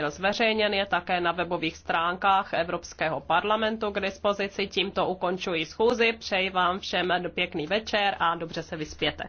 byl zveřejněn, je také na webových stránkách Evropského parlamentu k dispozici. Tímto ukončuji schůzi, přeji vám všem pěkný večer a dobře se vyspěte.